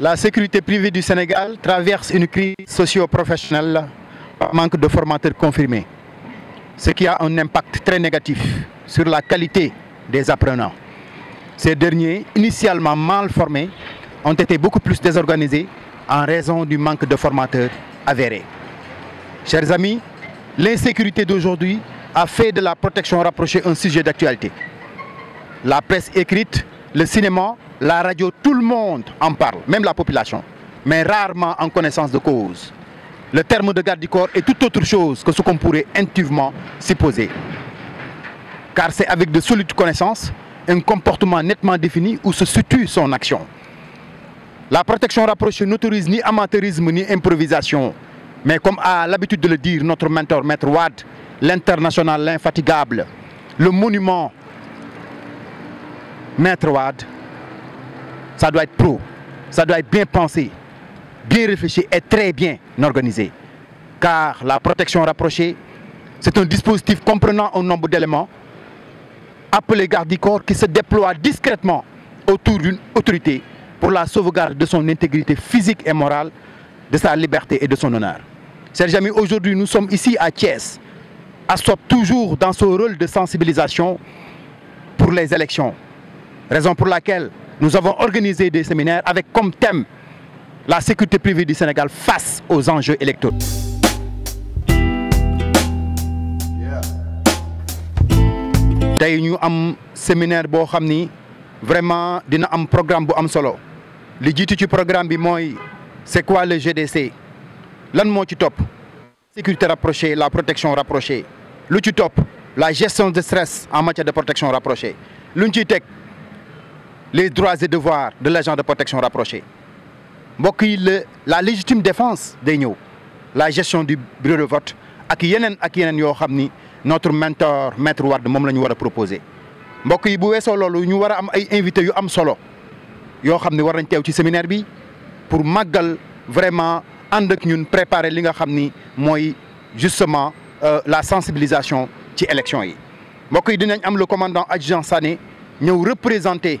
La sécurité privée du Sénégal traverse une crise socio-professionnelle par manque de formateurs confirmés, ce qui a un impact très négatif sur la qualité des apprenants. Ces derniers, initialement mal formés, ont été beaucoup plus désorganisés en raison du manque de formateurs avérés. Chers amis, l'insécurité d'aujourd'hui a fait de la protection rapprochée un sujet d'actualité. La presse écrite, le cinéma la radio, tout le monde en parle, même la population, mais rarement en connaissance de cause. Le terme de garde du corps est tout autre chose que ce qu'on pourrait intuitivement poser. Car c'est avec de solides connaissances, un comportement nettement défini où se situe son action. La protection rapprochée n'autorise ni amateurisme ni improvisation. Mais comme a l'habitude de le dire notre mentor, Maître Wad, l'international, l'infatigable, le monument, Maître Wad, ça doit être pro, ça doit être bien pensé, bien réfléchi et très bien organisé. Car la protection rapprochée, c'est un dispositif comprenant un nombre d'éléments appelés garde qui se déploie discrètement autour d'une autorité pour la sauvegarde de son intégrité physique et morale, de sa liberté et de son honneur. Serge Jamy, aujourd'hui nous sommes ici à Thiès, à Sop, toujours dans ce rôle de sensibilisation pour les élections, raison pour laquelle nous avons organisé des séminaires avec comme thème la sécurité privée du Sénégal face aux enjeux électoraux. Nous avons un séminaire qui vraiment un programme am solo li programme c'est quoi le GDC lan moo top sécurité rapprochée la protection rapprochée Le tu top. la gestion de stress en matière de protection rapprochée luñ les droits et devoirs de l'agent de protection rapprochée la légitime défense de nous, la gestion du bureau de vote à qui ak notre mentor maître Ward de la proposé Nous yi bu weesoo loolu séminaire pour magal vraiment préparer euh, la sensibilisation de l'élection. Nous avons yi le commandant adjoint Sané Nous représenter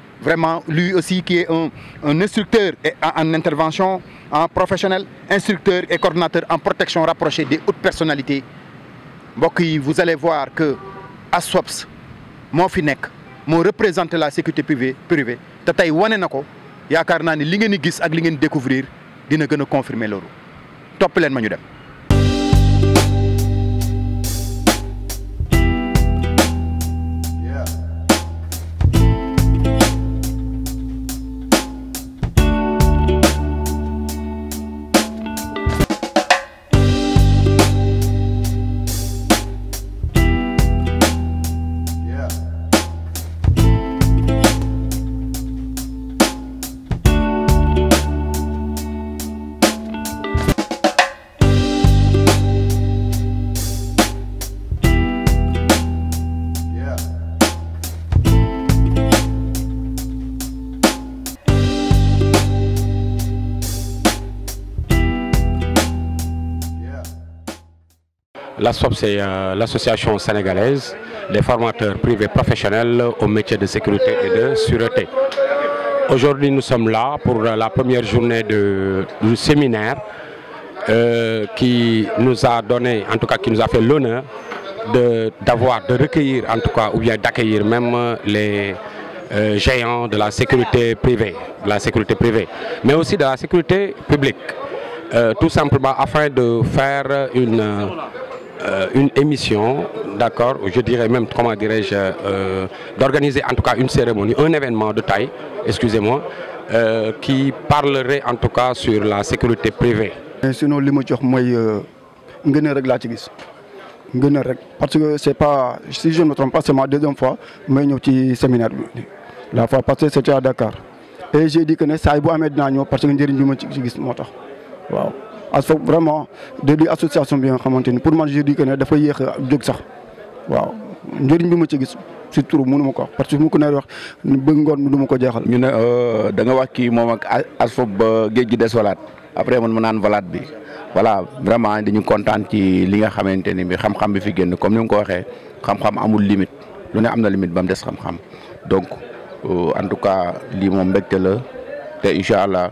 vraiment lui aussi qui est un, instructeur en, intervention, en professionnel, instructeur et coordinateur en protection rapprochée des hautes personnalités. vous allez voir que ASWAPS, mon FINEC, mon représente la sécurité privée, privée tatay na ko découvrir dina confirmer l'euro. Top leen La c'est euh, l'association sénégalaise des formateurs privés professionnels au métier de sécurité et de sûreté. Aujourd'hui, nous sommes là pour euh, la première journée du séminaire euh, qui nous a donné, en tout cas qui nous a fait l'honneur d'avoir, de, recueillir en tout cas, ou bien d'accueillir même les géants de la sécurité privée, de la sécurité privée, mais aussi de la sécurité publique. tout simplement afin de faire une euh, une émission, d'accord, je dirais même, comment dirais-je, euh, d'organiser en tout cas une cérémonie, un événement de taille, excusez-moi, euh, qui parlerait en tout cas sur la sécurité privée. Sinon, ce que je veux dire, parce que c'est pas, si je ne me trompe pas, c'est ma deuxième fois, mais nous petit séminaire. La fois passée, c'était à Dakar. Et j'ai dit que ça a été parce que je suis venu à Dakar. Wow. as vraiment de di association bi nga xamante ni pour man je dis que ne dafa yéex a jóg sax waaw njëriñ bi ma ci gis si turu ma ko wax parce que mu ko nee wax bëgg ngoon du ma ko jeexal. ñu ne euh, da nga wax kii moom ak asfob ba géej gi des walaat après man ma naan valaat bi voilà vraiment dañu kontaan ci li nga xamante ni bi xam-xam bi fi génn comme ni nga ko waxee xam-xam amul limite lu ne am na limite ba mu des xam-xam donc euh, en tout cas lii moom mbégte te incha allah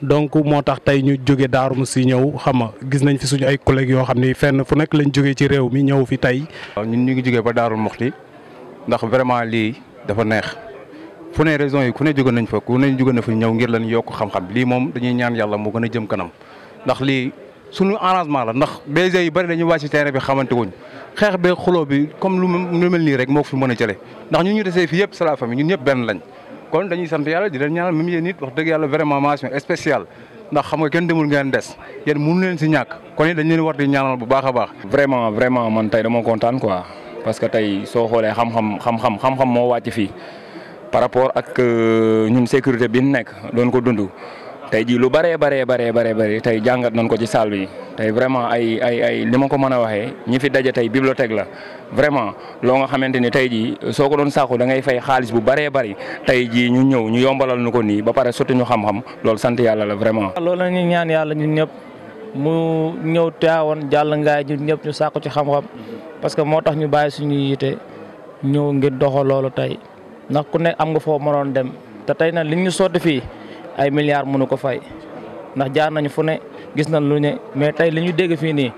donc moo tax tey ñu jóge Darou si ñëw xam nga gis nañ fi suñu ay collègues yoo xam ni fenn fu nekk lañ jógee ci réew mi ñëw fi tey. waaw ñun ñu ngi jógee ba Darou Mousty ndax vraiment lii dafa neex fu ne raison yi ku ne jóge nañ fa ku ne jóge na ñëw ngir leen yokk xam-xam lii moom dañuy ñaan yàlla moo gën a jëm kanam ndax lii suñu arrangement la ndax BG yi bari dañuy wàcc si terrain bi xamante wuñ xeex bee xuloo bi comme lu mel nii rek moo fi mën a jëlee ndax ñu ñu desee fi yëpp c'est la famille ñun ñëpp benn lañ kon dañuy sant yàlla di leen ñaanal même yéen nit wax dëgg yàlla vraiment mention spéciale ndax xam nga ken demul ngeen des yéen mënu leen si ñàkk kon it dañ leen war di ñaanal bu baax a baax. vraiment vraiment man tey dama kontaan quoi parce que tey soo xoolee xam-xam xam-xam xam moo wàcc fii par rapport ak euh, ñun sécurité bi ñu nekk doon ko dund. tey jii lu bëree baree baree baree bëri jàngat nañ ko ci salle bi tey vraiment ay ay ay li ma a waxee ñi fi daje tey bibliothèque la vraiment loo nga xamante ni tey jii soo ko doon sàkku da ngay fay xaalis bu bëree bëri tey jii ñu ñëw ñu yombalal nu ko nii ba pare sotti ñu xam-xam loolu sant yàlla la vraiment. loolu la ñuy ñaan yàlla ñun ñëpp mu ñëw teewoon jàll ngaay ñun ñëpp ñu sàkku ci xam-xam parce que moo tax ñu bàyyi suñu yite ñëw ngir doxal loolu tey ndax ku ne am nga foo mënoon dem ay milliards mënu ko fay ndax jaar nañu fu ne gis nañ lu ne mais tey li ñu dégg fii nii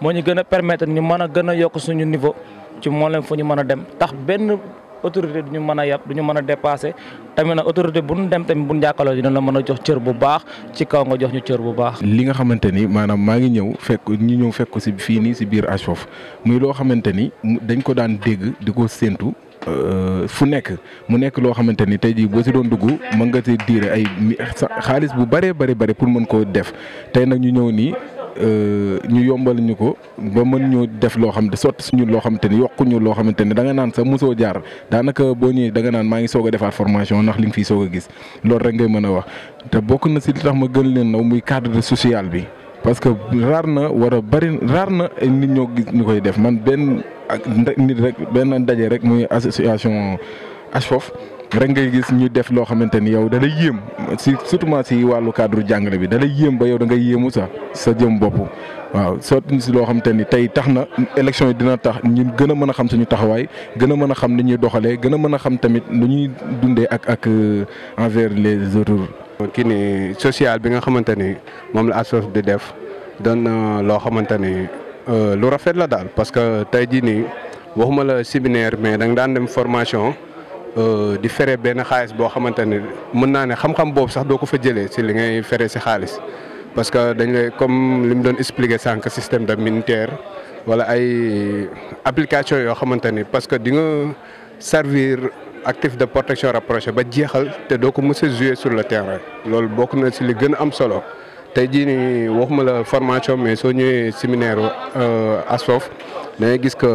moo ñu gën a permettre ñu mën a gën a yokk suñu niveau ci moo leen fu ñu mën a dem tax benn autorité du ñu mën a yab du ñu mën a dépassé tamit na autorité bu ñu dem tamit bu ñu jàkkaarloo dina la mën a jox cër bu baax ci kaw nga jox ñu cër bu baax. li nga xamante ni maanaam maa ngi ñëw fekk ñu ñëw fekk si fii nii si biir HFOF muy loo xamante ni dañ ko daan dégg di ko séentu Euh, fu nekk mu nekk loo xamante ni tey jii boo si doon dugg mën nga si diire ay xaalis bu bëree bare bëri pour mën koo def tey nag ñu ñëw nii euh, ñu yombal ñu ko ba mën ñu def loo xam ne sotti suñu loo xamante ni yokku loo xamante ni da nga naan sa mosoo jaar daanaka boo ñëwee danga naan maa ngi soog a defaat formation ndax li nga fiy soog gis loolu rek ngay mën a wax te bokk na si li tax ma gën leen naw muy cadre social bi parce que raar na war a bari raar na nit ñoo gis ñu koy def man benn ak nit rek benn daje rek muy association HFOF rek ngay gis ñu def loo xamante ni yow da lay yéem si surtout si wàllu cadre jàngale bi da lay yéem ba yow da ngay yéemu sax sa jëm bopp. waaw sotti si loo xamante ni tey tax na élection yi dina tax ñun gën a mën a xam suñu taxawaay gën a mën a xam ni ñuy doxalee gën a mën a xam tamit lu ñuy dundee ak ak euh, envers les autres. kii ni social bi nga xamante ni moom la HFOF di def doon loo xamante ni Euh, lu rafet la dal parce que tay ji ni waxuma la séminaire mais dang dan dem formation euh di féré ben xaliss bo xamanteni mën na né xam xam bob sax doko fa jëlé ci li ngay féré ci xaliss parce que dañ lay comme lim doon expliquer sank système de militaire wala ay application yo xamanteni parce que di nga servir actif de protection rapprochée ba jéxal té doko mësse jouer sur le terrain lool bokku na ci li gën am solo tey jii nii waxuma la formation mais soo ñëwee séminaire euh, ASFOF da ngay gis ko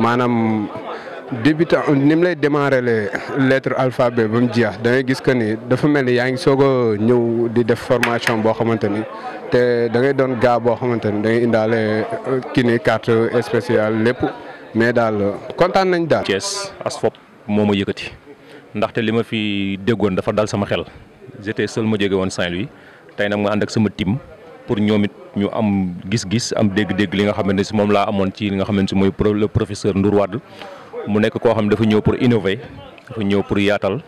maanaam débutant ni mu lay démarrer les lettres alphabet ba mu jeex da ngay gis que ni dafa mel ni yaa ngi soog a ñëw di def formation boo xamante ni te da ngay doon gaa boo xamante ni da ngay indaale euh, kii nii carte spéciale lépp mais daal kontaan nañ daal. Thiès ASFOF moo ma yëkkati ndaxte li ma fi déggoon dafa dal sama xel j'étais seul ma jóge woon Saint-Louis. tay nak ma and ak sama tim pour ñomit ñu am gis gis am deg deg li nga xamné ci mom la amon ci li nga xamné ci moy le professeur Ndour Wadl mu nek ko xamné dafa ñew pour innover dafa ñew pour yaatal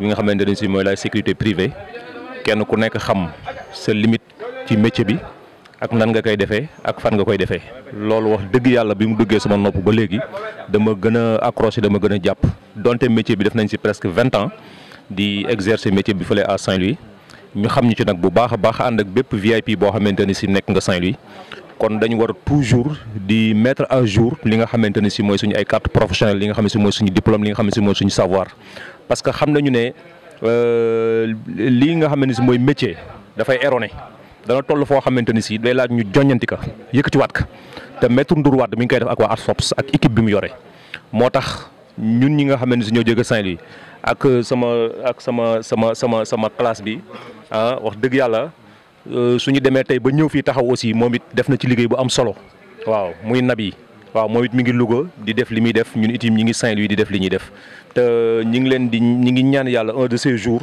li nga xamné dañ ci moy la sécurité privée kenn ku nek xam sa limite ci métier bi ak nan nga koy défé ak fan nga koy défé lolou wax deug yalla bi mu duggé sama nopp ba légui dama gëna accrocher dama gëna japp donté métier bi def nañ ci presque 20 ans di exercer métier bi fele à Saint-Louis ñu xam ñu ci nak bu baax baax and ak bép VIP bo xamanteni ci nek nga Saint Louis kon dañ war toujours di mettre à jour li nga xamanteni ci moy suñu ay carte professionnelle li nga xamanteni moy suñu diplôme li nga xamanteni moy suñu savoir parce que xam nañu né euh li nga xamanteni moy métier da fay erroné da na toll fo xamanteni ci day laaj ñu joññanti ka yëkëti wat ka te maître ndour wad mi ngi koy def ak wa arsops ak équipe bi mu yoré motax ñun ñi nga xamanteni ñoo jëge saint louis ak sama ak sama sama sama sama classe bi ah wax deug yalla euh, suñu démé tay ba ñëw fi taxaw aussi momit def na ci liggéey bu am solo waaw muy nabi waaw momit mi ngi lugo di def limi def ñun itim ñi ngi saint louis di def li ñi def te ñi ngi len di ñi ngi ñaan yalla un de ces jours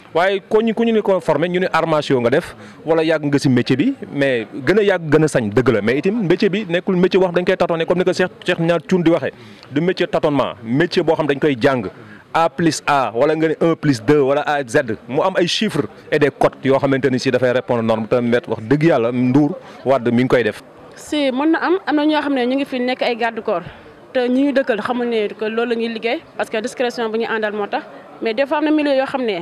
waaye ko ñu ku ñu ni ko formé ñu ne armation nga def wala yàgg nga si métier bi mais gën yàgg gën sañ dëgg la mais itam métier bi nekkul métier wax dañ koy tâtonner comme ni ko Cheikh Cheikh ñaar boo xam A plus A wala nga ne 1 plus 2 wala mu am ay chiffres et des yoo xamante ni si dafay répondre norme te met wax dëgg yàlla Ndour Wade mi ngi koy def. si mën na am am na ñoo xam ne ñu ngi fi nekk ay garde corps te ñi ñu dëkkal xamuñu que loolu la ñuy liggéey parce que discrétion bu ñu àndal moo tax mais des fois am yoo xam ne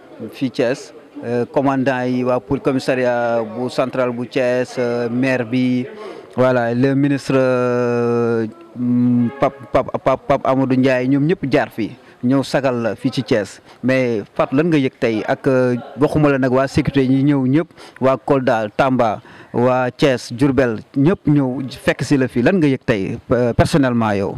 fii Thiès euh, commandant yi waa pour commissariat bu central bu Thiès euh, maire bi voilà le ministre euh, Pape Pape Pape Amadou Ndiaye ñoom ñëpp jaar fii ñëw sagal la fii ci cees mais Fatou lan nga yëg tey ak waxuma la nag waa sécurité ñi ñëw ñëpp waa Kolda Tamba waa cees jurbel ñëpp ñëw fekk si la fii lan nga yëg tey personnellement yow.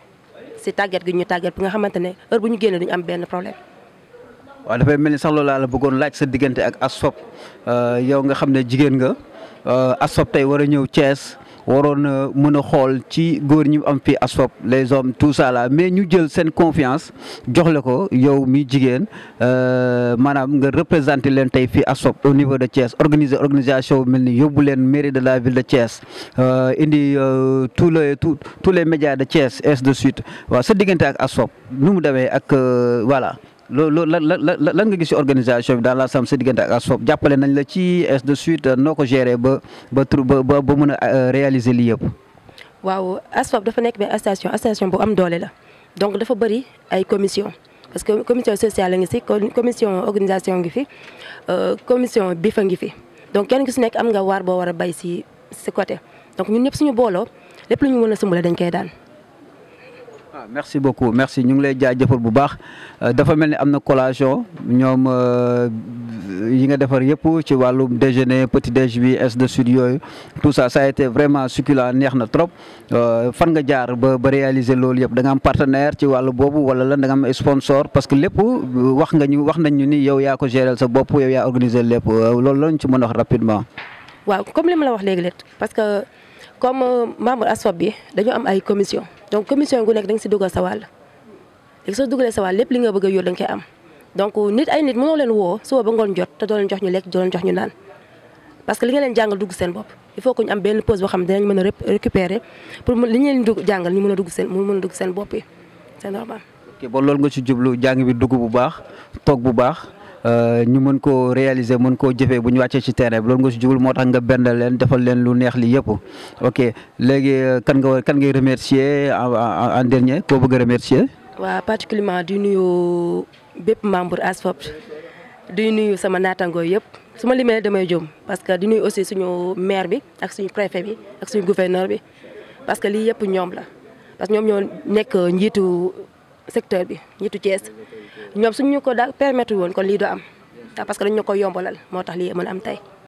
si tàggat gi ñu tàggat bu nga xamante ne heure bu ñu génnee duñu am benn problème. waaw dafay mel ni sax laa la bëggoon laaj sa diggante ak as Assob euh, yow nga xam ne jigéen nga euh, Assob tey war a ñëw cees waroon euh, a xol ci góor ñi am fi asop les hommes tout ça là mais ñu jël sen confiance jox la ko yow mi jigen euh manam nga représenter leen tay fi asop au niveau de Thiès organiser organisation melni yobul yóbbu leen mairie de la ville de Thiès euh indi tous les tous tous les médias de Thiès ainsi de suite wa sa diggante ak asop nu mu demee ak euh, voilà loolu lan lan lan nga gis ci organisation bi dans la sam sa diggante ak ASFOP jappalé nañ la ci est de suite euh, noko ko gérer ba ba ba ba mëna euh, réaliser li yëpp. waaw ASFOP dafa nek benn station station bu am doolé la donc dafa bëri ay commission parce que commission sociale nga ci commission organisation ngi fi euh, commission bi fa ngi fi donc kenn ku ci nekk am nga war bo wara bay ci ce côté donc ñun ñëpp suñu bolo lépp lu ñu mëna a sumbale dañ koy daan waaw ah, merci beaucoup merci ñu ngi lay jaajëfal bu baax euh, dafa melni amna collation ñom euh, yi nga défar yépp ci walu déjeuner petit déjeuner s de sud yoy tout ça ça a été vraiment succulent neex na trop euh, fan nga jaar ba ba réaliser loolu yëpp da nga am partenaire ci walu bobu wala la da nga am sponsor parce que lépp wax nga ñu wax nañ ñu ni yow ya ko gérer sa bop yow ya organiser lépp loolu lañ ci mëna wax rapidement. waaw comme li la wax léegi parce que. comme euh, membre ASFOP bi dañu am ay commission donc commission gu nekk da nga si dugg sa wàll léegi soo dugalee lépp li nga bëgg a yor da nga koy am donc nit ay nit mënoo leen woo suba ba ngoon jot te doo leen jox ñu lekk doo leen jox ñu naan parce que li nga leen jàngal dugg seen bopp il faut que ñu am benn pause boo xam ne dinañ mën a récupérer pour li ñu leen dugg jàngal ñu mën a dugg seen mu mën a dugg seen bopp yi c'est normal. ok bon loolu nga ci jublu jàng bi dugg bu baax toog bu baax. Euh, ñu mën koo réaliser mën koo jëfee bu ñu wàccee ci terrain bi loolu nga si jubal moo tax nga bendal leen defal leen lu neex li yëpp ok léegi euh, kan nga kan ngay remercier en dernier ko bëgg a remercier. waaw particulièrement di nuyu bépp membre ASFOP di nuyu sama naataangoo yëpp su ma limee damay jom parce que di nuyu aussi suñu maire bi ak su suñu préfet bi ak suñu gouverneur bi parce que lii yëpp ñoom la parce que ñoom ñoo nekk njiitu secteur bi njiitu Thiès. ñoom suñ ñu ko da permettre woon kon lii du am parce que dañ ñu ko yombalal moo tax lii mën a am tey.